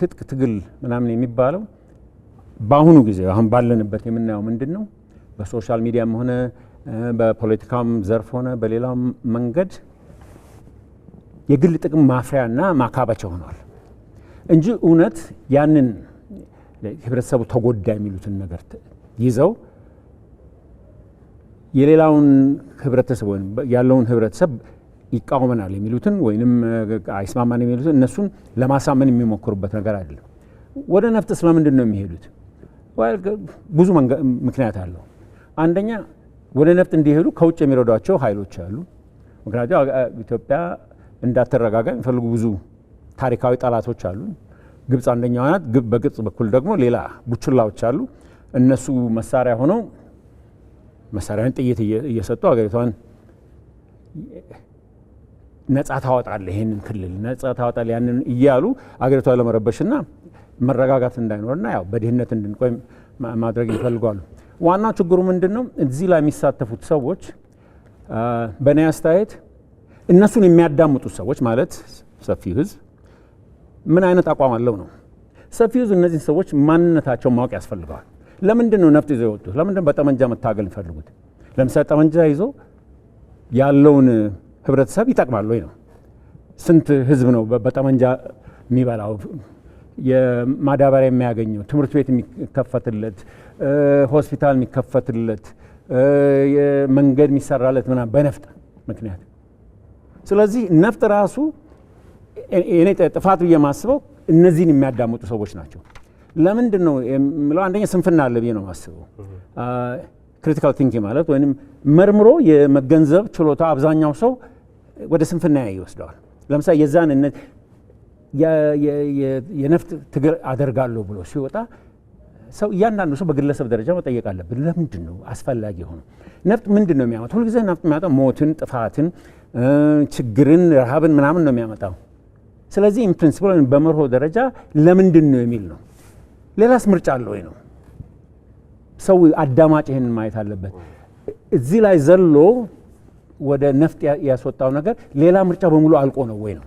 ትጥቅ ትግል ምናምን የሚባለው በአሁኑ ጊዜ አሁን ባለንበት የምናየው ምንድን ነው? በሶሻል ሚዲያም ሆነ በፖለቲካም ዘርፍ ሆነ በሌላም መንገድ የግል ጥቅም ማፍሪያና ማካበቻ ሆኗል እንጂ እውነት ያንን ህብረተሰቡ ተጎዳ የሚሉትን ነገር ይዘው የሌላውን ህብረተሰብ ወይም ያለውን ህብረተሰብ ይቃወመናል የሚሉትን ወይም አይስማማን የሚሉትን እነሱን ለማሳመን የሚሞክሩበት ነገር አይደለም። ወደ ነፍጥ ስለምንድን ነው የሚሄዱት? ብዙ ምክንያት አለው። አንደኛ ወደ ነፍጥ እንዲሄዱ ከውጭ የሚረዷቸው ኃይሎች አሉ። ምክንያቱም ኢትዮጵያ እንዳትረጋጋ የሚፈልጉ ብዙ ታሪካዊ ጠላቶች አሉ። ግብፅ አንደኛዋ ናት። በግብፅ በኩል ደግሞ ሌላ ቡችላዎች አሉ። እነሱ መሳሪያ ሆነው መሳሪያን ጥይት እየሰጡ ሀገሪቷን ነጻ ታወጣለ ይህንን ክልል ነጻ ታወጣለ ያንን እያሉ አገሪቷ ለመረበሽና መረጋጋት እንዳይኖርና ያው በድህነት እንድንቆይ ማድረግ ይፈልጓሉ። ዋናው ችግሩ ምንድን ነው? እዚህ ላይ የሚሳተፉት ሰዎች በእኔ አስተያየት እነሱን የሚያዳምጡት ሰዎች ማለት ሰፊው ህዝብ ምን አይነት አቋም አለው ነው። ሰፊው ህዝብ እነዚህን ሰዎች ማንነታቸውን ማወቅ ያስፈልገዋል። ለምንድን ነው ነፍጥ ይዞ የወጡት? ለምንድን ነው በጠመንጃ መታገል የሚፈልጉት? ለምሳሌ ጠመንጃ ይዞ ያለውን ህብረተሰብ ይጠቅማል ወይ ነው። ስንት ህዝብ ነው በጠመንጃ የሚበላው? የማዳበሪያ የሚያገኘው፣ ትምህርት ቤት የሚከፈትለት፣ ሆስፒታል የሚከፈትለት፣ መንገድ የሚሰራለት ምናምን በነፍጥ ምክንያት። ስለዚህ ነፍጥ ራሱ እኔ ጥፋት ብዬ ማስበው እነዚህን የሚያዳምጡ ሰዎች ናቸው። ለምንድን ነው የምለው? አንደኛ ስንፍና አለ ብዬ ነው የማስበው። ክሪቲካል ቲንኪንግ ማለት ወይም መርምሮ የመገንዘብ ችሎታ አብዛኛው ሰው ወደ ስንፍና ይወስደዋል። ለምሳሌ የዛን የነፍጥ ትግል አደርጋለሁ ብሎ ሲወጣ ሰው እያንዳንዱ ሰው በግለሰብ ደረጃ መጠየቅ አለብን። ለምንድን ነው አስፈላጊ የሆነው? ነፍጥ ምንድን ነው የሚያመጣ? ሁልጊዜ ነፍጥ የሚያመጣው ሞትን፣ ጥፋትን፣ ችግርን፣ ረሃብን ምናምን ነው የሚያመጣው። ስለዚህ ኢን ፕሪንሲፕል በመርሆ ደረጃ ለምንድን ነው የሚል ነው። ሌላስ ምርጫ አለ ወይ ነው ሰው አዳማጭ ይሄንን ማየት አለበት። እዚህ ላይ ዘሎ ወደ ነፍጥ ያስወጣው ነገር ሌላ ምርጫ በሙሉ አልቆ ነው ወይ ነው።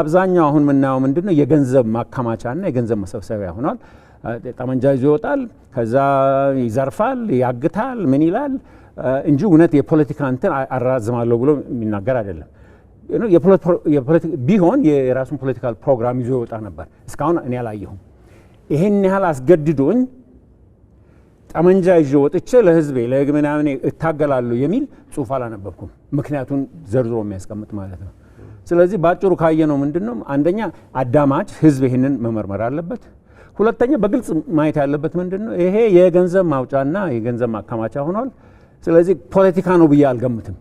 አብዛኛው አሁን የምናየው ምንድን ነው? የገንዘብ ማከማቻና የገንዘብ መሰብሰቢያ ሆኗል። ጠመንጃ ይዞ ይወጣል፣ ከዛ ይዘርፋል፣ ያግታል፣ ምን ይላል እንጂ እውነት የፖለቲካ እንትን አራዝማለሁ ብሎ የሚናገር አይደለም። ቢሆን የራሱን ፖለቲካል ፕሮግራም ይዞ ይወጣ ነበር። እስካሁን እኔ አላየሁም። ይሄን ያህል አስገድዶኝ ጠመንጃ ይዤ ወጥቼ ለህዝቤ ለህግ ምናምን እታገላለሁ የሚል ጽሁፍ አላነበብኩም። ምክንያቱን ዘርዝሮ የሚያስቀምጥ ማለት ነው። ስለዚህ በአጭሩ ካየ ነው ምንድን ነው አንደኛ አዳማጭ ህዝብ ይህንን መመርመር አለበት። ሁለተኛ በግልጽ ማየት ያለበት ምንድን ነው ይሄ የገንዘብ ማውጫና የገንዘብ ማከማቻ ሆኗል። ስለዚህ ፖለቲካ ነው ብዬ አልገምትም።